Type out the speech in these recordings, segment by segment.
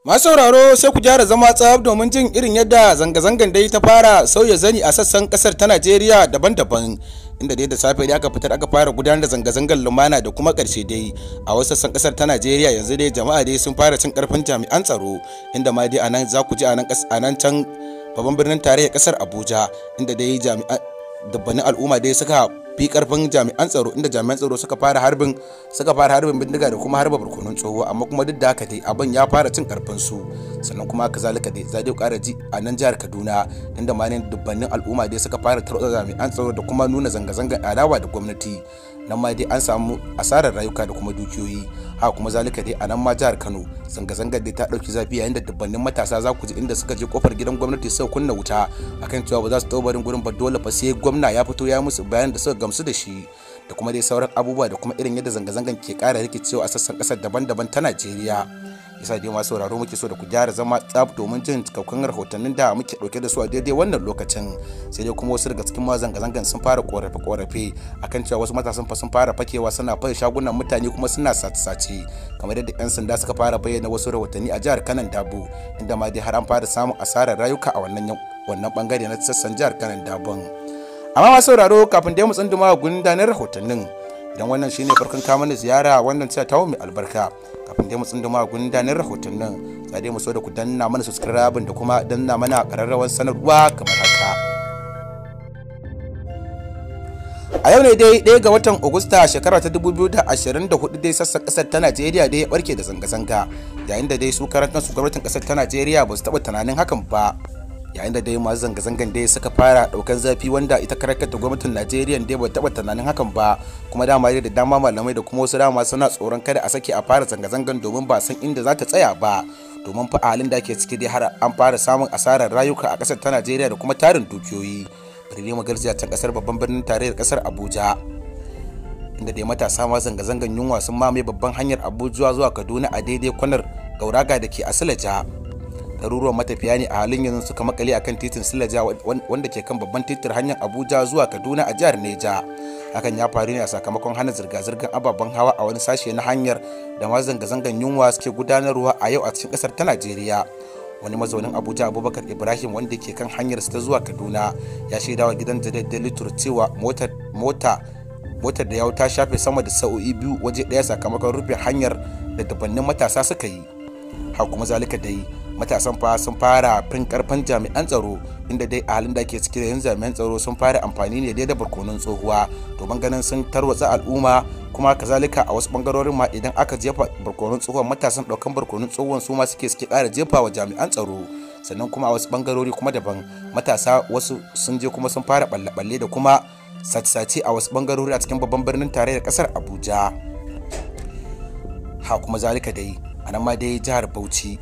masu sauraro sai ku gyara zama tsab domin jin irin yadda zanga-zangan dai ta fara sauya zani a sassan kasar ta najeriya daban-daban inda dai da safe da aka fitar aka fara gudanar da zanga-zangar lumana da kuma karshe dai a wasu sassan kasar ta najeriya yanzu dai jama'a dai sun fara cin karfin jami'an tsaro inda ma dai a nan za ku ji a nan can babban birnin tarayyar kasar abuja inda dai jami'an dabbanin al'umma dai suka fi karfin jami'an tsaro inda jami'an tsaro suka fara harbin suka fara harbin bindiga da kuma harba barkonon tsoho amma kuma duk da haka dai abin ya fara cin karfin su sannan kuma haka zalika dai zai kara ji a nan jihar Kaduna inda ma ne dubbannin al'umma dai suka fara tarwatsa jami'an tsaro da kuma nuna zanga-zanga adawa da gwamnati nan ma dai an samu asarar rayuka da kuma dukiyoyi ha kuma zalika dai a nan ma jihar Kano zanga-zangar dai ta dauki zafi yayin da dubbannin matasa za ku ji inda suka je kofar gidan gwamnati sai kunna wuta akan cewa ba za su tau barin gurin ba dole fa sai gwamna ya fito ya musu bayan da suka gamsu da shi da kuma dai sauran abubuwa da kuma irin yadda zanga-zangan ke kara rikicewa a sassan ƙasar daban-daban ta Najeriya yasa dai masu sauraro muke so da ku gyara zama tsaf domin jin cikakkun rahotannin da muke dauke da su a daidai wannan lokacin sai dai kuma wasu daga cikin ma zanga-zangan sun fara korafe-korafe akan cewa wasu matasan fa sun fara fakewa suna fai shagunan mutane kuma suna sace-sace kamar yadda 'yan sanda suka fara bayyana wasu rahotanni a jihar kanan dabo inda ma dai har an fara samun asarar rayuka a wannan wannan bangare na sassan jihar kanan dabon amma masu sauraro kafin dai mu tsunduma gundanar rahotannin idan wannan shine farkon kama mana ziyara wannan cewa tawo mai albarka kafin dai mu tsunduma gundanin rahoton nan za dai mu so da ku danna mana subscribe da kuma danna mana kararrawar sanarwa kamar haka a yau ne dai ɗaya ga watan Agusta shekara ta 2024 dai sassan ƙasar ta Najeriya dai ya barke da zanga-zanga yayin da dai su karan su gwamnatin ƙasar ta Najeriya ba su taɓa tunanin hakan ba. yayin da dai masu zanga-zangan dai suka fara daukan zafi wanda ita karkata gwamnatin najeriya dai ba taba tunanin hakan ba kuma dama dai da dama malamai da kuma wasu dama suna tsoron kada a sake a fara zanga-zangan domin ba san inda za ta tsaya ba domin fa halin da ake ciki dai har an fara samun asarar rayuka a kasar ta najeriya da kuma tarin dukiyoyi birni magarjiya can kasar babban birnin tarayyar kasar abuja inda dai matasa ma zanga-zangan yunwa sun mamaye babban hanyar abuja zuwa kaduna a daidai kwanar gauraga da ke asilaja ɗaruruwan matafiya ne a halin yanzu suka makale akan titin silaja wanda ke kan babban titin hanyar abuja zuwa kaduna a jihar neja hakan ya faru ne a sakamakon hana zirga-zirgar ababen hawa a wani sashe na hanyar da ma zanga-zangar yunwa suke gudanarwa a yau a cikin kasar ta najeriya wani mazaunin abuja abubakar ibrahim wanda ke kan hanyar ta zuwa kaduna ya shaidawa gidan jaridar cewa mota motar da ya ta shafe sama da sa'o'i biyu waje ɗaya sakamakon rufe hanyar da dabannin matasa suka yi har kuma zalika da yi matasan fa sun fara fin karfin jami'an tsaro inda dai a halin da ke ciki da yanzu jami'an tsaro sun fara amfani ne dai da barkonon tsohuwa domin ganin sun tarwatsa al'umma kuma kazalika a wasu bangarorin ma idan aka jefa barkonon tsohuwa matasan daukan barkonon tsohuwan su ma suke suke kara jefa wa jami'an tsaro sannan kuma a wasu bangarori kuma daban matasa wasu sun je kuma sun fara balle-balle da kuma sace-sace a wasu bangarori a cikin babban birnin tarayyar kasar abuja ha kuma zalika dai a nan ma dai jihar bauchi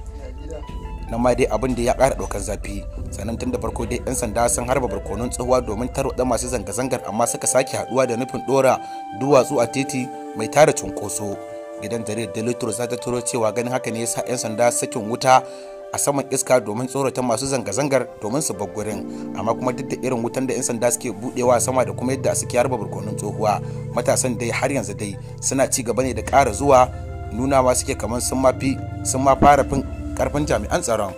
nan ma dai abin da ya kara ɗaukar zafi sannan tun da farko dai 'yan sanda sun harba barkonun tsohuwa domin tarwaɗa masu zanga-zangar amma suka sake haduwa da nufin dora duwatsu a titi mai tara cunkoso gidan jaridar daily za ta turo cewa ganin haka ne ya sa 'yan sanda sakin wuta a saman iska domin tsorata masu zanga-zangar domin su bar gurin amma kuma duk da irin wutan da 'yan sanda suke budewa sama da kuma yadda suke harba barkonon tsohuwa matasan dai har yanzu dai suna ci gaba ne da ƙara zuwa nunawa suke kamar sun mafi sun ma fara fin karfin jami'an tsaron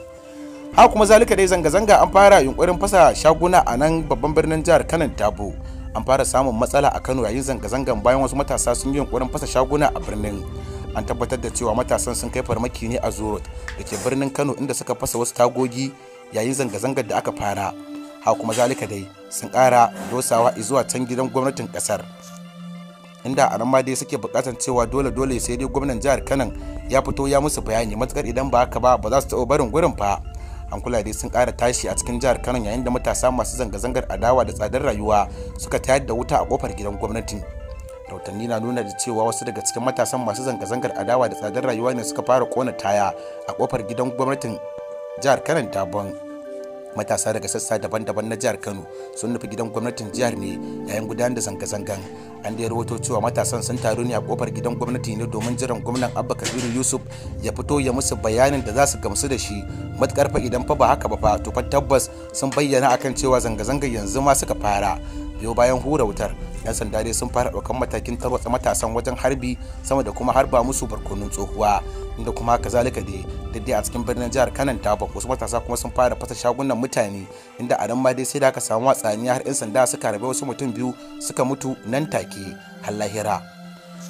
ha kuma zalika dai zanga-zanga an fara yunkurin fasa shaguna a nan babban birnin jihar kanan tabo an fara samun matsala a kano yayin zanga-zangan bayan wasu matasa sun yi yunkurin fasa shaguna a birnin an tabbatar da cewa matasan sun kai farmaki ne a zorot da ke birnin kano inda suka fasa wasu tagogi yayin zanga-zangar da aka fara ha kuma zalika dai sun kara dosawa izuwa can gidan gwamnatin kasar inda a ma dai suke bukatar cewa dole dole sai dai gwamnan jihar kanan ya fito ya musu bayani matukar idan ba haka ba ba za su taɓa barin gurin fa hankula dai sun ƙara tashi a cikin jihar kano yayin da matasa masu zanga-zangar adawa da tsadar rayuwa suka tayar da wuta a kofar gidan gwamnati rautanni na nuna da cewa wasu daga cikin matasa masu zanga-zangar adawa da tsadar rayuwa ne suka fara kona taya a kofar gidan gwamnatin jihar kano ta matasa daga sassa daban-daban na jihar kano sun nufi gidan gwamnatin jihar ne yayin gudanar da zanga-zangan an da ya rawaito cewa matasan sun taru ne a kofar gidan gwamnati ne domin jiran gwamnan abba kabiru yusuf ya fito ya musu bayanin da za su gamsu da shi matukar fa idan fa ba haka ba fa to fa tabbas sun bayyana akan cewa zanga zangan yanzu ma suka fara biyo bayan hura wutar yan sanda dai sun fara daukan matakin tarwatsa matasan wajen harbi sama da kuma harba musu barkonun tsohuwa inda kuma kazalika dai duk dai a cikin birnin jihar kanan ta wasu matasa kuma sun fara fasa shagunan mutane inda a nan ma dai sai da aka samu watsaniya har 'yan sanda suka rabe wasu mutum biyu suka mutu nan take har lahira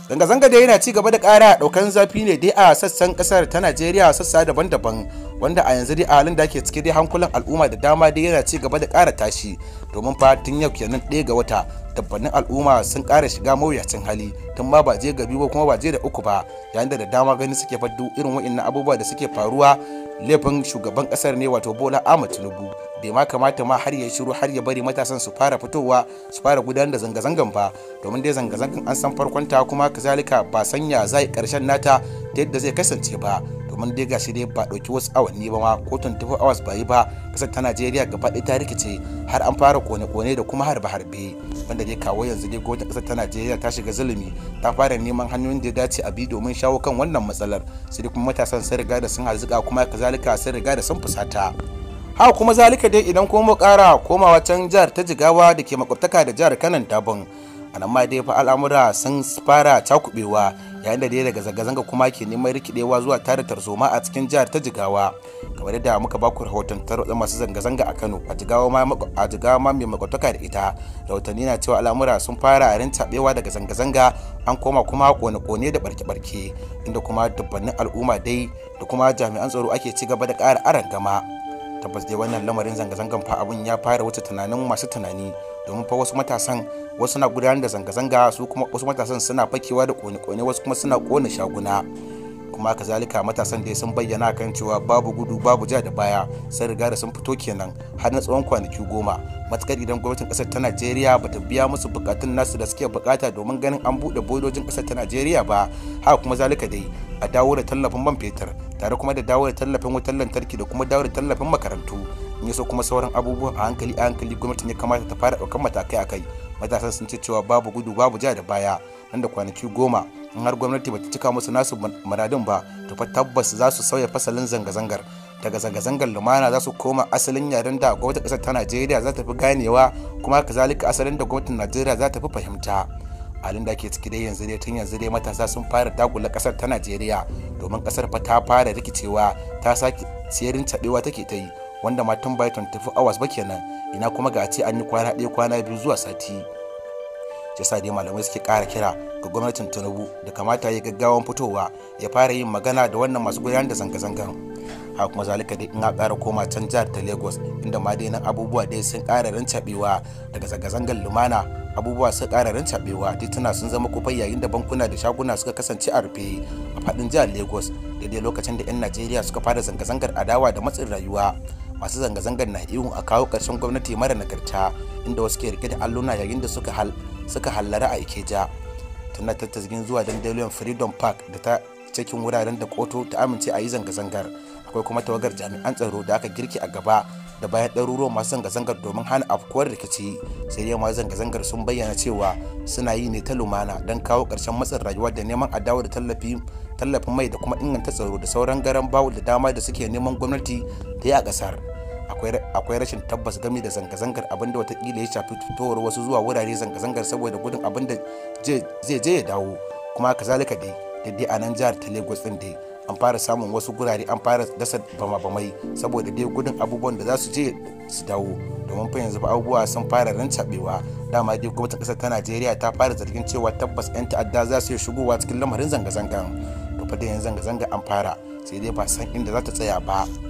zanga-zanga da yana ci gaba da ƙara ɗaukar zafi ne dai a sassan kasar ta najeriya sassa daban-daban wanda a yanzu dai a halin da ake ciki dai hankulan al'umma da dama dai yana ci gaba da ƙara tashi domin fa tun yau kenan ɗaya ga wata tabbannin al'umma sun ƙara shiga mawuyacin hali tun ma ba je gabi ba kuma ba je da uku ba yayin da da dama gani suke faddu irin wa'annan abubuwa da suke faruwa laifin shugaban ƙasar ne wato bola ahmad tinubu da ma kamata ma har ya shiru har ya bari matasan su fara fitowa su fara gudanar da zanga-zangan ba domin dai zanga-zangan an san farkon ta kuma kazalika ba sanya zai karshen nata ta yadda zai kasance ba domin dai gashi dai ba ɗauki wasu awanni ba ma ko 24 hours ba yi ba kasar ta najeriya gaba ɗaya ta rikice har an fara kone-kone da kuma harbe-harbe wanda dai kawo yanzu dai gwamnatin kasar ta najeriya ta shiga zulumi ta fara neman hanyoyin da ya dace a bi domin shawo kan wannan matsalar sai kuma matasan sun riga da sun hazuƙa kuma kazalika sun riga da sun fusata. haka kuma zalika dai idan kuma mu kara komawa can jihar ta jigawa da ke makwabtaka da jihar kanan dabon a ma dai fa al'amura sun fara cakubewa yayin da dai daga zanga-zanga kuma ke neman rikidewa zuwa tare tarzoma a cikin jihar ta jigawa kamar yadda muka ba ku rahoton tarwatsa masu zanga-zanga a kano a jigawa ma a jigawa ma mai makwataka da ita rahotanni na cewa al'amura sun fara rin rintaɓewa daga zanga-zanga an koma kuma kone-kone da barke-barke inda kuma dubbannin al'umma dai da kuma jami'an tsaro ake ci gaba da ƙara arangama gama tabbas dai wannan lamarin zanga-zangan fa abin ya fara wuce tunanin masu tunani domin fa wasu matasan wasu na gudanar da zanga-zanga su kuma wasu matasan suna fakewa da kone-kone wasu kuma suna kone shaguna kuma kazalika matasan dai sun bayyana kan cewa babu gudu babu ja da baya sun riga da sun fito kenan har na tsawon kwanaki goma matukar idan gwamnatin kasar ta najeriya ta biya musu bukatun nasu da suke bukata domin ganin an buɗe bodojin kasar ta najeriya ba haka kuma zalika dai a dawo da tallafin man fetur tare kuma da dawo da tallafin wutar lantarki da kuma dawo da tallafin makarantu in yaso kuma sauran abubuwan a hankali a hankali gwamnatin ya kamata ta fara daukan matakai a kai matasan sun ce cewa babu gudu babu ja da baya nan da kwanaki goma in har gwamnati ta cika musu nasu muradin ba to fa tabbas za su sauya fasalin zanga-zangar daga zanga-zangar lumana za su koma asalin yaren da gwamnatin ƙasar ta najeriya za ta fi ganewa kuma kazalika asalin da gwamnatin najeriya za ta fi fahimta halin da ke ciki dai yanzu dai tun yanzu dai matasa sun fara dagula kasar ta najeriya domin kasar fa ta fara rikicewa ta sake siyarin cadewa take ta yi wanda matan bai 24 hours ba kenan ina kuma ga a ce an yi kwana ɗaya kwana biyu zuwa sati shi yasa dai malamai suke kara kira ga gwamnatin tinubu da kamata ya gaggawan fitowa ya fara yin magana da wannan masu gudanar da zanga-zangan haka kuma zalika dai ina kara koma can jihar ta lagos inda ma dai nan abubuwa dai sun kara rancaɓewa daga zanga-zangar lumana abubuwa sun ƙara rancaɓewa tituna sun zama kufai yayin da bankuna da shaguna suka kasance a rufe a faɗin jihar lagos daidai lokacin da 'yan najeriya suka fara zanga-zangar adawa da matsin rayuwa masu zanga-zangar na ihun a kawo karshen gwamnati mara nagarta inda wasu ke rike da alluna yayin da suka hal suka hallara a ikeja tana tattazgin zuwa dandalin freedom park da ta cikin wuraren da kotu ta amince a yi zanga-zangar akwai kuma tawagar jami'an tsaro da aka girki a gaba da bayan ɗaruruwan masu zanga-zangar domin hana afkuwar rikici sai dai masu zanga-zangar sun bayyana cewa suna yi ne ta lumana don kawo ƙarshen matsin rayuwa da neman adawa da tallafin mai da kuma inganta tsaro da sauran garan bawul da dama da suke neman gwamnati ta yi a ƙasar akwai rashin tabbas gami da zanga-zangar abinda watakila ya shafi fitowar wasu zuwa wurare zanga-zangar saboda gudun abinda zai je ya dawo kuma zalika dai da dai a nan jihar ta lagos din dai an fara samun wasu gurare an fara dasa bama-bamai saboda dai gudun abubuwan da za su je su dawo domin fa yanzu abubuwa sun fara rancabewa dama dai gwamnatin kasar ta najeriya ta fara zargin cewa tabbas 'yan ta'adda za su shigowa cikin lamarin zanga-zangan to fa dai yanzu zanga-zanga an fara sai dai ba san inda za ta tsaya ba